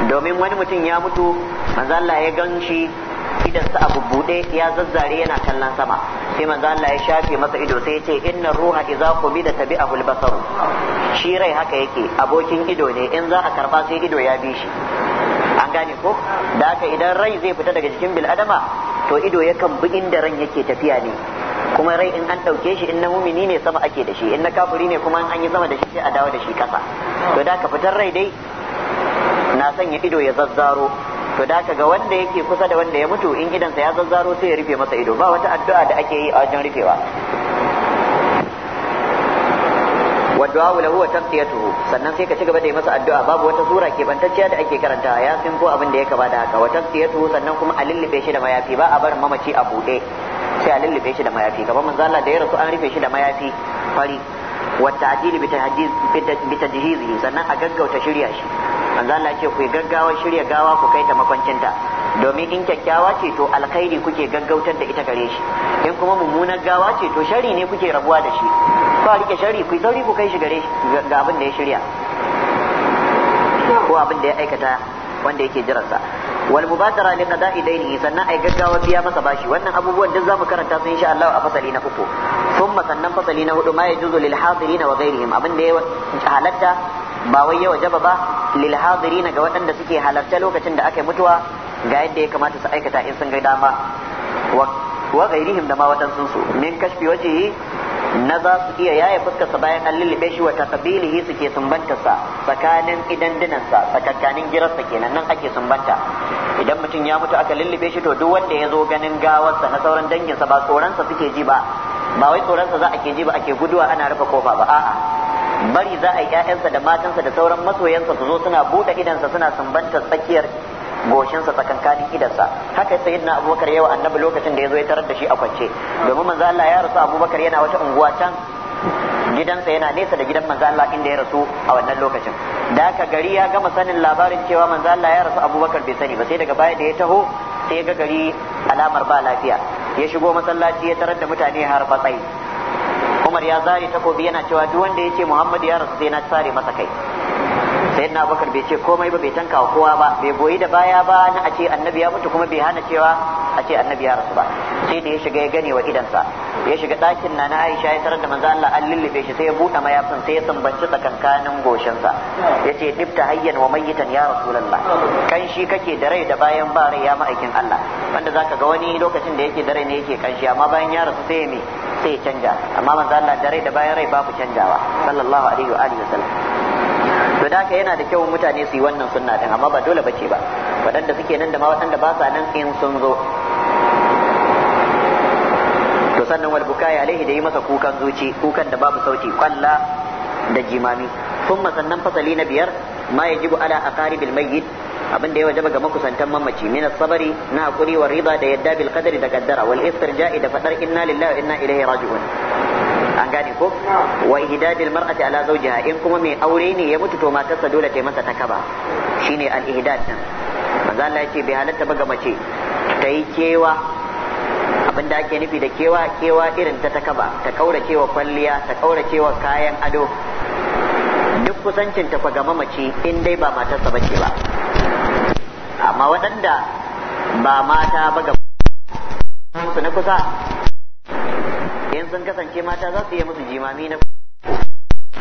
domin wani mutum ya mutu manzo Allah ya ganshi idan sa abu bude ya zazzare yana kallon sama sai manzo Allah ya shafe masa ido sai ya ce inna ruha idza qubida tabi'ahu al shi rai haka yake abokin ido ne in za a karba sai ido ya bi shi gane ko da haka idan rai zai fita daga jikin bil'adama, to ido yakan bi inda ran yake tafiya ne kuma rai in an ɗauke shi in na mumini ne sama ake da shi in na kafiri ne kuma an yi sama da shi sai a dawo da shi kasa to da ka fitar rai dai na sanya ido ya zazzaro to da ga wanda yake kusa da wanda ya mutu in idansa ya zazzaro sai ya rufe masa ido ba wata addu'a da ake yi a wajen rufewa wa du'a lahu wa tafsiyatuhu sannan sai ka ci gaba da yi masa addu'a babu wata sura ke da ake karanta ya sun ko abin da ya kaba da haka wa tafsiyatuhu sannan kuma a shi da mayafi ba a bar mamaci a bude sai a shi da mayafi kamar manzo Allah da ya rasu an rufe shi da mayafi fari wa ta'dil bi sannan a gaggauta shirya shi manzo Allah ce ku gaggawa shirya gawa ku kai ta makwancinta domin in kyakkyawa ce to alkhairi kuke gaggautar da ita gare shi in kuma mummunar gawa ce to shari ne kuke rabuwa da shi ba rike shari ku sauri ku kai shi gare shi ga abin da ya shirya ko abin da ya aikata wanda yake jiransa wal mubadara li qada'i daynihi sannan ai gaggawa biya masa bashi wannan abubuwan duk zamu karanta su insha Allah a fasali na uku thumma sannan fasali na hudu ma yajuzu lil hadirin wa ghairihim abin da ya halatta ba wai ya jaba ba lil hadirina ga waɗanda suke halarta lokacin da aka yi mutuwa ga yadda ya kamata su aikata in sun ga dama wa gairihim da ma waɗansu su min kashfi wajihi na za su iya yaya fuskarsa bayan an lullube shi wa taqbilihi suke sa tsakanin idan tsakanin tsakankanin sa kenan nan ake sumbanta idan mutum ya mutu aka lullube shi to duk wanda ya zo ganin gawarsa na sauran danginsa ba tsoronsa suke ji ba ba wai tsoronsa za a ke ji ba ake guduwa ana rufe kofa ba a'a bari za a yi ƴaƴansa da matansa da sauran masoyansa su zo suna buɗe idansa suna sumbanta tsakiyar goshinsa tsakankanin idansa haka sai na abubakar yawa annabi lokacin da ya zo ya tarar da shi a kwance domin manzo Allah ya rasu abubakar yana wata unguwa can gidansa yana nesa da gidan manzo Allah inda ya rasu a wannan lokacin da aka gari ya gama sanin labarin cewa manzo Allah ya rasu abubakar bai sani ba sai daga baya da ya taho sai ya ga gari alamar ba lafiya ya shigo masallaci ya tarar da mutane har fatsayi Umar ya zare takobi yana cewa duk wanda yake Muhammad ya rasu sai na sare masa kai na Abubakar bai ce komai ba bai tanka wa kowa ba bai goyi da baya ba na a ce annabi ya mutu kuma bai hana cewa a ce annabi ya rasu ba sai da ya shiga ya gane wa idansa ya shiga ɗakin na na Aisha ya tarar da manzo Allah an lullube shi sai ya buɗe mayafin sai ya tambanci tsakankanin goshinsa yace dibta hayyan wa mayyitan ya rasulullah kanshi kake da rai da bayan ba rai ya ma'aikin Allah wanda zaka ga wani lokacin da yake da rai ne yake kanshi amma bayan ya rasu sai ya me sai ya canja amma manzo Allah da rai da bayan rai babu canjawa sallallahu alaihi wa alihi wasallam to da haka yana da kyau mutane su yi wannan sunna din amma ba dole bace ba waɗanda suke nan da ma waɗanda ba sa nan in sun zo to sannan wal bukai alaihi da yi masa kukan zuci kukan da babu sauti kwalla da jimami ثم sannan fasali na biyar ma yajibu ala aqaribil mayyit abin da ya wajaba ga makusantan mamaci min sabari na hakuri wa riba da yadda bil qadari da qaddara wal istirja'i da fadar inna lillahi wa inna ilaihi raji'un an gane ko wa ihdadil mar'ati ala zawjiha in kuma mai aure ne ya mutu to matarsa dole ta masa takaba shine al ihdad din manzo Allah ya bai halatta ba ga mace ta yi kewa abin da ake nufi da kewa kewa irin ta takaba ta kaurace wa kwalliya ta kaurace wa kayan ado duk kusancin ta ga mamaci in dai ba matarsa bace ba amma waɗanda ba mata ba ga su na kusa in sun kasance mata za su yi musu jimami na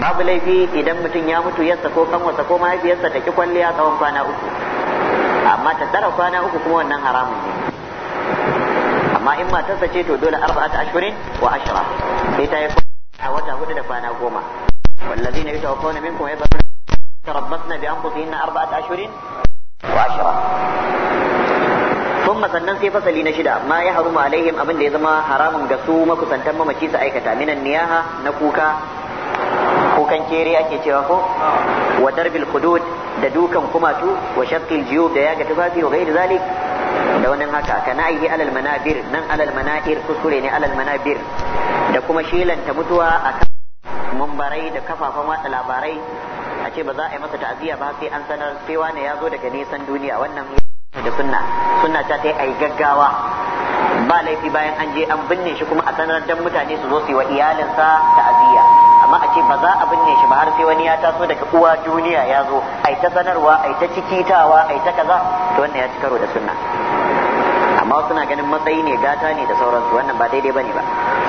babu laifi idan mutum ya mutu yassa ko wasa, ko mahaifiyarsa ta ki kwalliya tsawon kwana uku amma ta tsara kwana uku kuma wannan haramun ne amma in matarsa ce to dole ta ashirin wa ashra sai ta yi a wata hudu da kwana goma na wallazina yatawaffawna minkum yadhkuruna tarabbasna bi anfusihinna arba'ata ashhurin washira thumma sai fasali na shida ma ya haruma alaihim abin da ya zama haramun ga su mamaci su aikata minan niyaha na kuka kukan kere ake cewa ko wa darbil hudud da dukan kumatu wa shaqqil jiyub da yaga tufafi wa da zalik da wannan haka kana aihi alal manabir nan alal manair kuskure ne alal manabir da kuma shilanta mutuwa a akan mumbarai da kafafen watsa labarai a ce ba za a yi masa ta'aziyya ba sai an sanar sai wane ya zo daga nisan duniya wannan da sunna sunna ta ta yi gaggawa ba laifi bayan an je an binne shi kuma a sanar dan mutane su zo su yi wa iyalinsa ta'aziyya amma a ce ba za a binne shi ba har sai wani ya taso daga uwa duniya ya zo ai ta sanarwa ai ta cikitawa ai ta kaza to wannan ya ci karo da sunna amma suna ganin matsayi ne gata ne da sauransu wannan ba daidai bane ba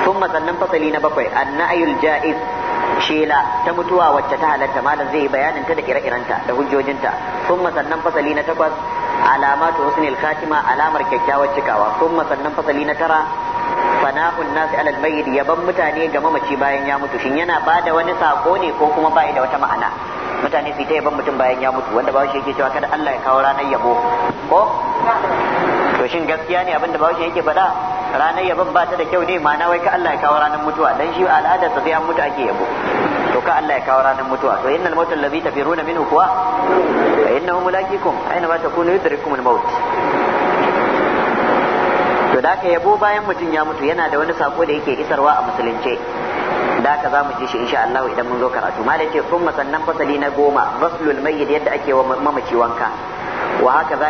sun sannan fasali na bakwai annayul ja'iz shela ta mutuwa wacce ta halatta malam zai yi bayanin ta da ire-irenta da hujjojinta kuma sannan fasali na takwas alamatu husnil khatima alamar kyakkyawar cikawa kuma sannan fasali na tara fana'un nasi alal mayyid yaban mutane ga mamaci bayan ya mutu shin yana bada wani sako ne ko kuma bai da wata ma'ana mutane su ta yaban mutum bayan ya mutu wanda ba shi yake cewa kada Allah ya kawo ranar yabo ko to shin gaskiya ne abinda ba shi yake faɗa ranar yabon ba ta da kyau ne ma'ana wai ka Allah ya kawo ranar mutuwa dan shi al'adar sa sai an mutu ake yabo to ka Allah ya kawo ranar mutuwa to innal mautal ladhi tafiruna minhu kuwa fa innahu mulaqikum aina ma takunu al maut to da ka yabo bayan mutum ya mutu yana da wani sako da yake isarwa a musulunce da ka za mu ji shi insha Allah idan mun zo karatu malai ce kuma sannan fasali na goma baslul mayyid yadda ake wa mamaci wanka wa haka za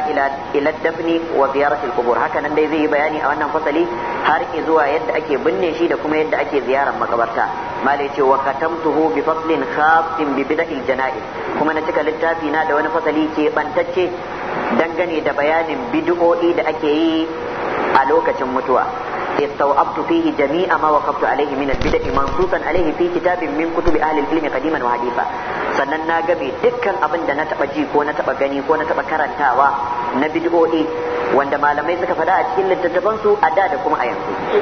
ila dafni wa ziyaratul qubur haka nan dai zai yi bayani a wannan fasali har zuwa yadda ake binne shi da kuma yadda ake ziyarar makabarta malai ce wa katamtuhu bi faslin khasin bi bid'il jana'iz kuma na cika littafi na da wani fasali ke bantacce dangane da bayanin bid'o'i da ake yi a lokacin mutuwa استوعبت فيه جميع ما وقفت عليه من البدع منصوصا عليه في كتاب من كتب اهل العلم قديما وحديثا sannan na game dukkan abin da na taba ji ko na taɓa gani ko na taba karantawa na bid'o'i wanda malamai suka faɗa a cikin littattafan su a da da kuma a yanzu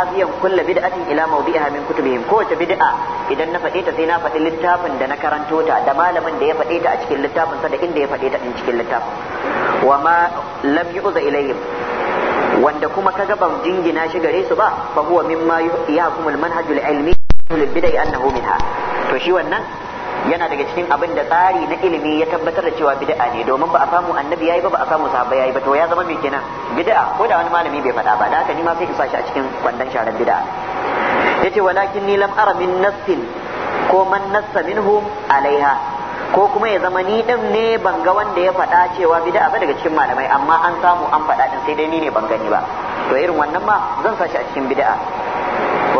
afiyan kullu bid'atin ila mawdi'iha min kutubihim kowace bid'a idan na faɗe ta sai na faɗi littafin da na karanto ta da malamin da ya faɗe ta a cikin littafin sa da inda ya faɗe ta din cikin littafin wa ma lam yu'za ilayhim wanda kuma kaga ban jingina shi gare su ba fa huwa mimma yahkumul manhajul ilmi lil bidai annahu minha to shi wannan yana daga cikin abin da tsari na ilimi ya tabbatar da cewa bid'a ne domin ba a samu annabi yayi ba ba a samu sahabbai yayi ba to ya zama me kenan bid'a ko da wani malami bai faɗa ba da haka ni ma sai in sashi a cikin kwandon sharar bid'a yace walakin ni lam ara min nassin ko man nassa minhum alaiha ko kuma ya zama ni din ne ban ga wanda ya faɗa cewa bid'a ba daga cikin malamai amma an samu an faɗa din sai dai ni ne ban gani ba to irin wannan ma zan sa shi a cikin bid'a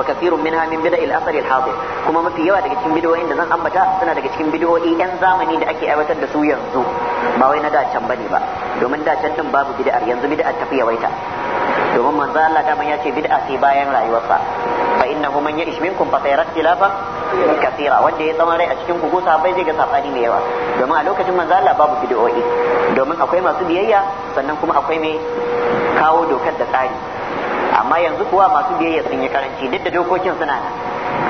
wa kathirun minha min bida' al-athar kuma mafi yawa daga cikin bidiyoyin da zan ambata suna daga cikin bidiyoyi yan zamani da ake aiwatar da su yanzu ba wai na da can bane ba domin da can din babu bid'ar yanzu bid'ar tafi yawaita domin manzo Allah daman ya ce bid'a sai bayan rayuwarsa fa innahu man ya'ish minkum fa sayara ikhtilafan kathira wanda ya tsama rai a cikin gugu sahabbai zai ga sabani mai yawa domin a lokacin manzo Allah babu bid'o'i domin akwai masu biyayya sannan kuma akwai mai kawo dokar da tsari amma yanzu kuwa masu biyayya sun yi karanci duk da dokokin suna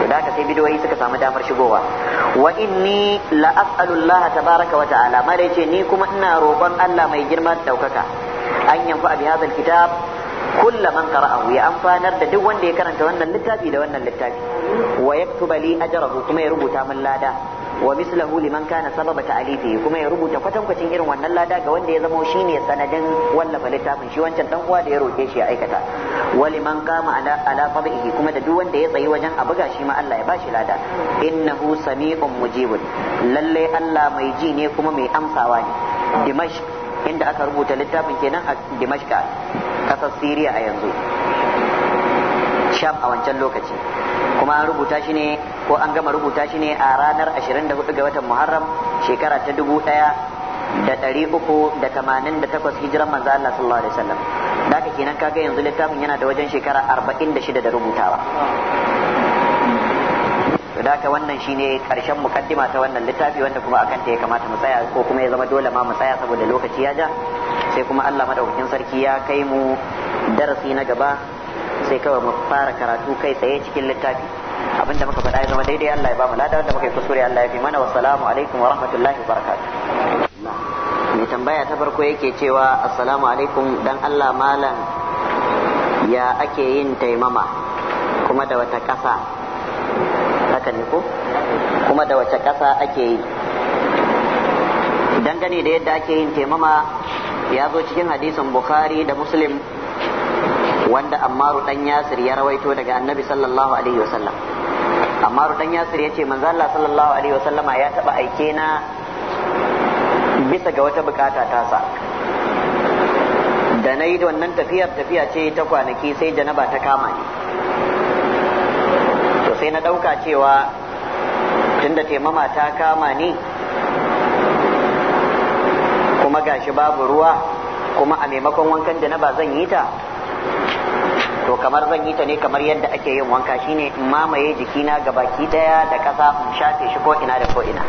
to da ka sai bidoyi suka samu damar shigowa wa inni la as'alullaha tabaraka wa ta'ala mare ce ni kuma ina roƙon Allah mai girma da daukaka an a bi hadal kitab kulla man qara'ahu ya amfanar da duk wanda ya karanta wannan littafi da wannan littafi wa yaktubali ajrahu kuma ya rubuta min lada wa mislahu liman kana sababa ta'alifi kuma ya rubuta kwatankwacin irin wannan lada ga wanda ya zamo shine sanadin wallafa littafin shi wancan dan uwa da ya roke shi ya aikata wa liman qama ala ala kuma da duk wanda ya tsayi wajen a buga shi ma Allah ya bashi lada innahu sami'un mujibun lalle Allah mai ji ne kuma mai amsawa ne dimashq inda aka rubuta littafin kenan a dimashq kasar Siriya a yanzu sham a wancan lokaci kuma an rubuta shi ne ko an gama rubuta shi ne a ranar 24 ga watan Muharram shekara ta 1388 hijiran manzo Allah sallallahu alaihi wasallam da kenan kaga yanzu littafin yana da wajen shekara 46 da rubutawa da ka wannan shine karshen mukaddima ta wannan littafi wanda kuma akan ta ya kamata mu tsaya ko kuma ya zama dole ma mu tsaya saboda lokaci ya ja sai kuma Allah madaukakin sarki ya kai mu darasi na gaba sai kawai mu fara karatu kai tsaye cikin littafi abinda muka faɗa ya zama daidai Allah ya ba mu lada wanda muka yi kusuri Allah ya fi mana wassalamu alaikum wa rahmatullahi wa barakatuh mai tambaya ta farko yake cewa assalamu alaikum dan Allah malam ya ake yin taimama kuma da wata ƙasa haka ne ko kuma da wace ƙasa ake yi dangane da yadda ake yin taimama ya zo cikin hadisin bukhari da muslim wanda ammaru dan yasir ya rawaito daga annabi sallallahu alaihi wasallam ammaru dan yasir yace manzo Allah sallallahu alaihi wasallam ya taba aike na bisa ga wata bukata sa da nayi yi wannan tafiyar tafiya ce ta kwanaki sai janaba ta kama ni to sai na ɗauka cewa tunda taimama ta kama ni kuma gashi babu ruwa kuma a maimakon wankan janaba zan yi ta to kamar zan yi ta ne kamar yadda ake yin wanka shine in mamaye jikina ga baki daya da kasa in shafe shi ko ina da ko ina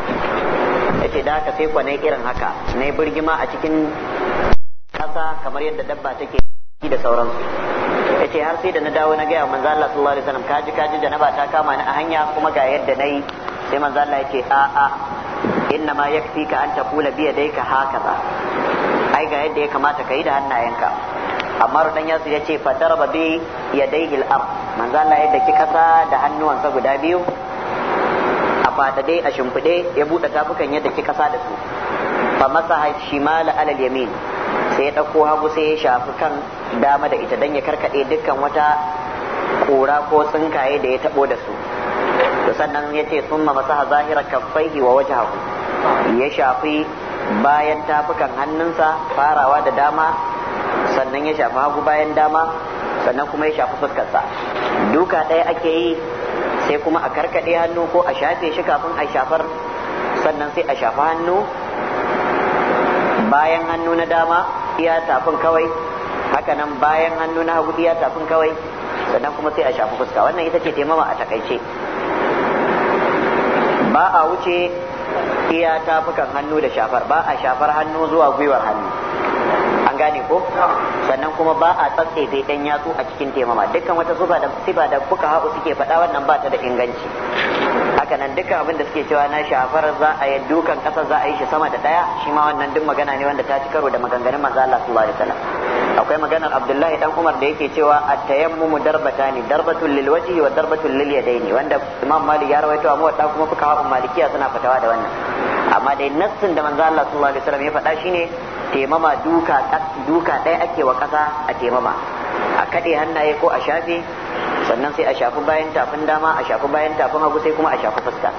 yace da haka sai kwanai irin haka ne birgima a cikin kasa kamar yadda dabba take da sauransu yace har sai da na dawo na gaya manzo Allah sallallahu alaihi wasallam kaji kaji da na ba ta kama ni a hanya kuma ga yadda nayi sai manzo Allah yace a a inna ma yakfika an taqula bi yadayka hakaza ai ga yadda ya kamata kai da hannayenka Ammar dan yasu yace fa daraba ya yadayhi al am manzo Allah ya daki kasa da hannuwansa guda biyu a fatade a shimfide ya buɗe tafukan ya daki kasa da su fa masaha shimala alal yamin sai ya dauko hagu sai ya shafi kan dama da ita dan ya karkade dukkan wata ƙura ko tsinkaye da ya taɓo da su to sannan yace summa masaha zahira kaffaihi wa hagu. ya shafi bayan tafukan hannunsa farawa da dama sannan ya shafi hagu bayan dama sannan kuma ya shafi fuskarsa duka ɗaya ake yi sai kuma a karkaɗe hannu ko a shafe shi kafin a shafar sannan sai a shafi hannu bayan hannu na dama iya tafin kawai haka nan bayan hannu na hagu iya tafin kawai sannan kuma sai a shafi fuska wannan ita ce taimama a takaice ba a wuce iya tafukan hannu da shafar ba a shafar hannu zuwa gwiwar hannu gane ko sannan kuma ba a dai dan yatsu a cikin taimama dukkan wata zuba da sifa da kuka haɓu suke faɗa wannan ba ta da inganci haka nan dukkan abin da suke cewa na shafar za a yi dukan ƙasa za a yi shi sama da ɗaya shi ma wannan duk magana ne wanda ta ci karo da maganganun manzo Allah sallallahu alaihi wasallam akwai maganar Abdullahi dan Umar da yake cewa at-tayammumu darbatani darbatun lilwajhi wa darbatun lilyadaini wanda Imam Malik ya rawaito amma wata kuma fuka haɓu malikiya suna fatawa da wannan amma dai nassin da manzo Allah sallallahu alaihi wasallam ya faɗa shine taimama duka duka ɗaya ake wa ƙasa a taimama a kaɗe hannaye ko a shafe sannan sai a shafi bayan tafin dama a shafi bayan tafin hagu sai kuma a shafi fuska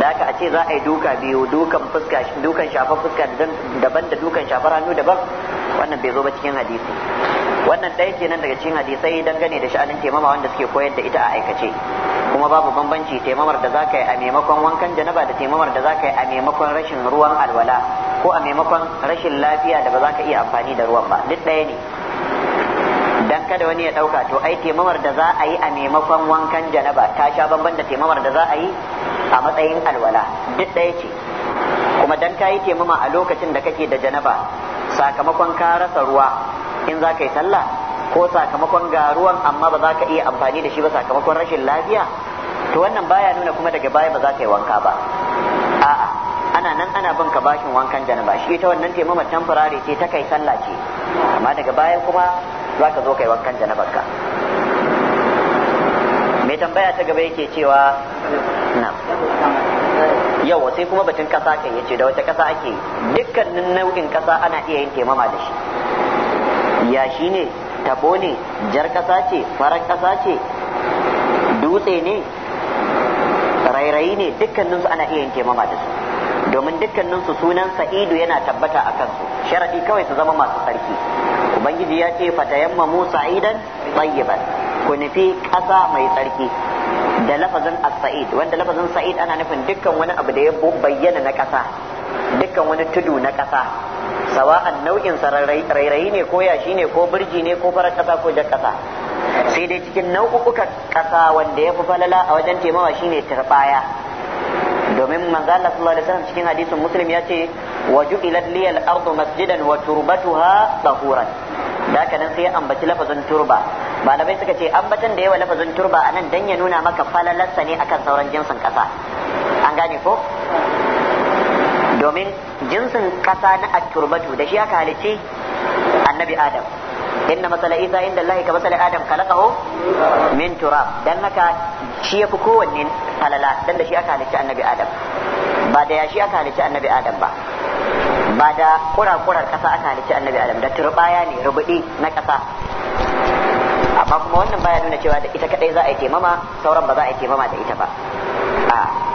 da aka a ce za a yi duka biyu dukan fuska dukan shafa fuska daban da dukan shafar hannu daban wannan bai zo ba cikin hadisi wannan ɗaya kenan daga cikin hadisai dangane da sha'anin taimama wanda suke koyar da ita a aikace kuma babu bambanci taimamar da za ka yi a maimakon wankan janaba da taimamar da za ka yi a maimakon rashin ruwan alwala ko a maimakon rashin lafiya da ba za ka iya amfani da ruwan ba duk ɗaya ne dan kada wani ya ɗauka to ai taimamar da za a yi a maimakon wankan janaba ta sha bamban da taimamar da za a yi a matsayin alwala duk ɗaya ce kuma dan ka yi taimama a lokacin da kake da janaba sakamakon ka rasa ruwa in za ka yi sallah ko sakamakon garuwan amma ba za ka iya amfani da shi ba sakamakon rashin lafiya to wannan baya nuna kuma daga baya ba za ka yi wanka ba a'a ana nan ana bin ka bashin wankan da ba shi ita wannan taimama temporary ce ta kai sallah ce amma daga baya kuma za ka zo kai wankan da na ka mai tambaya ta gaba yake cewa na yawa sai kuma batun kasa kai yace da wata kasa ake dukkanin nau'in kasa ana iya yin taimama da shi ya shi ne tabo ne jar kasa ce farar kasa ce dutse ne rairayi ne dukkaninsu ana iya yin mama da su domin dukkaninsu sunan sa'idu yana tabbata a kansu sharadi kawai su zama masu sarki ubangiji ya ce fatayammamu sa'idan tayyiban ku nufi kasa mai tsarki da lafazin as-sa'id wanda lafazin sa'id ana nufin dukkan wani abu da ya bayyana na kasa dukkan wani tudu na kasa. sawa'an nau'in sa rairayi ne ko yashi ko birji ne ko fara kasa ko jakasa sai dai cikin nau'uka kasa wanda ya fi falala a wajen taimawa shine turbaya domin manzo Allah sallallahu alaihi wasallam cikin hadisin muslim ya ce wa ju'ilat liyal ardu masjidan wa turbatuha tahuran da haka sai ya ambaci lafazin turba malamai suka ce ambatan da yawa lafazin turba anan dan ya nuna maka falalarsa ne akan sauran jinsin kasa an gane ko domin jinsin kasa na aturbatu da shi aka halicci annabi adam inna masala isa inda Allah ka masala adam khalaqahu min turab dan haka shi yafi kowanne falala dan da shi aka halicci annabi adam ba da yashi aka halicci annabi adam ba ba da kurakurar kasa aka halicci annabi adam da turbaya ne rubudi na kasa amma kuma wannan baya nuna cewa da ita kadai za a yi taimama sauran ba za a yi taimama da ita ba